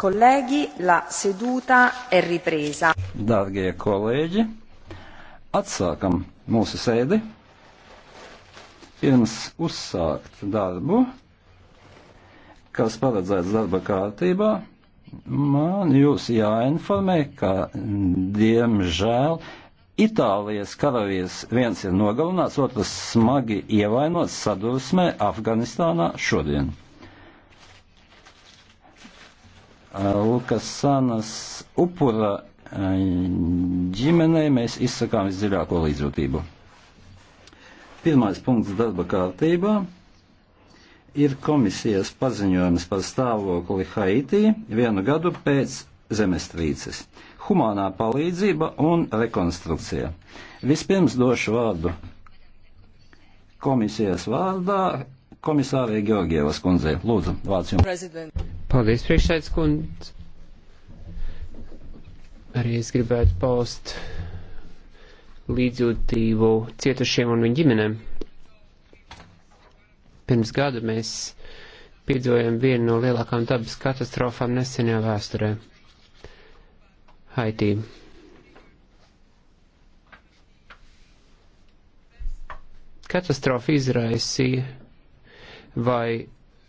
Kolēģi, la seduta ir ripresa. Dārgie kolēģi, atsākam mūsu sēdi. Pirms uzsākt darbu, kas paredzēts darba kārtībā, man jūs jāinformē, ka diemžēl Itālijas karavīrs viens ir nogalināts, otrs smagi ievainots sadursmē Afganistānā šodien. Lukasanas upura ģimenei mēs izsakām visdziļāko līdzjūtību. Pirmais punkts darba kārtībā ir komisijas paziņojums par stāvokli Haitī vienu gadu pēc zemestrīces - humānā palīdzība un rekonstrukcija. Vispirms došu vārdu komisijas vārdā komisārai Georgievas kundzei. Lūdzu, vārds jums. President. Paldies, priekšsēdus kundze. Arī es gribētu paust līdzjūtību cietušiem un viņu ģimenēm. Pirms gada mēs piedzīvojam vienu no lielākām dabas katastrofām nesenajā vēsturē - Haitī. Katastrofa izraisīja vai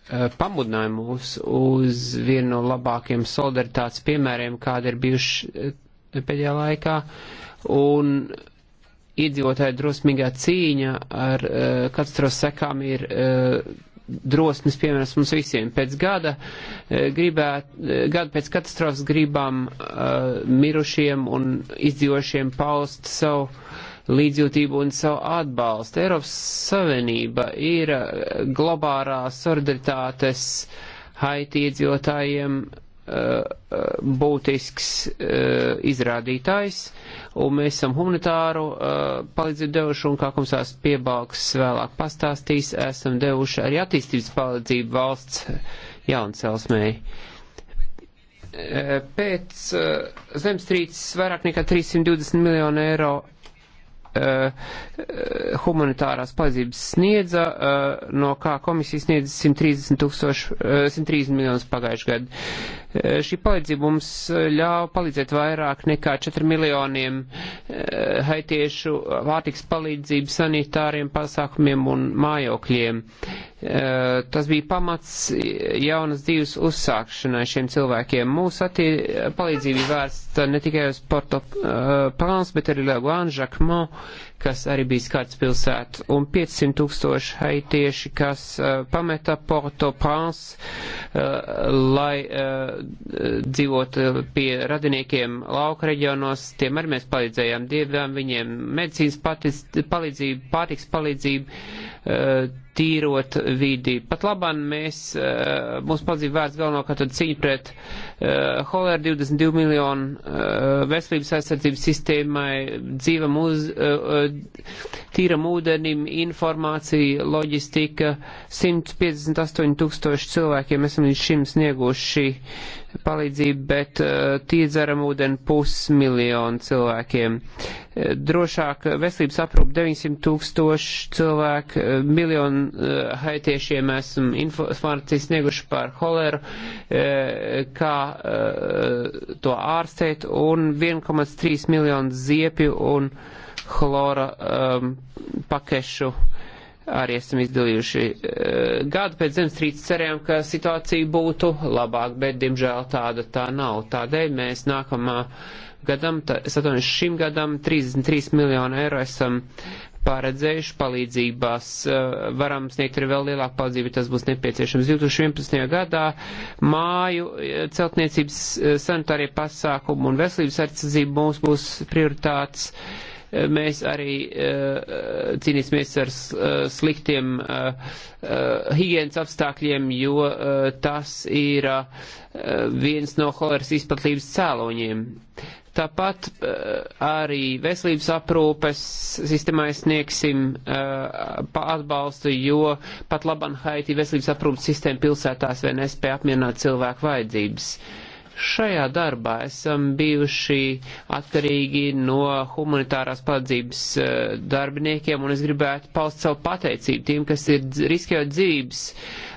Eh, pamudināja mūs uz vienu no labākiem solidaritātes piemēriem, kāda ir bijuši eh, pēdējā laikā, un iedzīvotāja drosmīgā cīņa ar uh, eh, katastrofas sekām ir uh, drosmes piemērs mums visiem. Pēc gada, gribēt, gada pēc katastrofas gribam uh, mirušiem un izdzīvošiem paust savu līdzjūtību un savu atbalstu. Eiropas Savienība ir eh, globālā solidaritātes Haiti iedzīvotājiem eh, eh, būtisks izrādītājs, un mēs esam humanitāru palīdzību devuši, un kā komisārs piebalgs vēlāk pastāstīs, esam devuši arī attīstības palīdzību valsts jauncelsmēji pēc uh, zemstrīces vairāk nekā 320 miljonu eiro Eh, humanitārās palīdzības sniedza, eh, no kā komisija sniedza 130, tūkstoši, eh, 130 miljonus pagājušajā gadā. Šī palīdzība mums ļāva palīdzēt vairāk nekā 4 miljoniem eh, haitiešu vārtiks palīdzību sanitāriem pasākumiem un mājokļiem. Eh, tas bija pamats jaunas dzīves uzsākšanai šiem cilvēkiem. Mūsu attie, palīdzība vērsta ne tikai uz Porto eh, Pans, bet arī Leguan, Jacquemont kas arī bija skarts pilsētu, un 500 tūkstoši haitieši, kas uh, pameta Port-au-Prince, uh, lai uh, dzīvot uh, pie radiniekiem lauka reģionos. Tiem arī mēs palīdzējām, dievām viņiem medicīnas patis, palīdzību, pārtiks palīdzību. Uh, Eh, tīrot vidi. Pat labam mēs, eh, mums padzīv vērts galvenokārt tad cīņa pret holēru 22 miljonu veselības aizsardzības sistēmai, dzīvam uz eh, tīram ūdenim, informācija, loģistika. 158 tūkstoši cilvēkiem esam līdz šim snieguši palīdzību, bet uh, eh, tiedzeram ūdeni pusmiljonu cilvēkiem. Eh, drošāk veselības aprūp 900 tūkstoši cilvēku, eh, miljonu uh, haitiešiem esam informāciju snieguši par holeru, uh, kā uh, to ārstēt, un 1,3 miljonu ziepju un uh, chlora um, pakešu arī esam izdalījuši uh, gadu pēc zemestrīces cerējām, ka situācija būtu labāk, bet diemžēl tāda tā nav. Tādēļ mēs nākamā gadam, es atvainojos šim gadam, 33 miljonu eiro esam paredzējuši palīdzībās, uh, varam sniegt arī vēl lielāku palīdzību, tas būs nepieciešams. 2011. gadā māju uh, celtniecības sanitārie pasākumu un veselības aizsardzību mums būs prioritātes. Uh, Mēs arī eh, cīnīsimies ar eh, sliktiem eh, higienas apstākļiem, jo tas ir viens no holeras izplatības cēloņiem. Tāpat uh, arī veselības aprūpes sistēmai sniegsim uh, atbalstu, jo pat labam Haiti veselības aprūpes sistēma pilsētās vēl nespēja apmierināt cilvēku vajadzības. Uh, Šajā darbā esam bijuši atkarīgi no humanitārās palīdzības eh, darbiniekiem, un es gribētu paust savu pateicību tiem, kas ir riskējot dzīvības uh,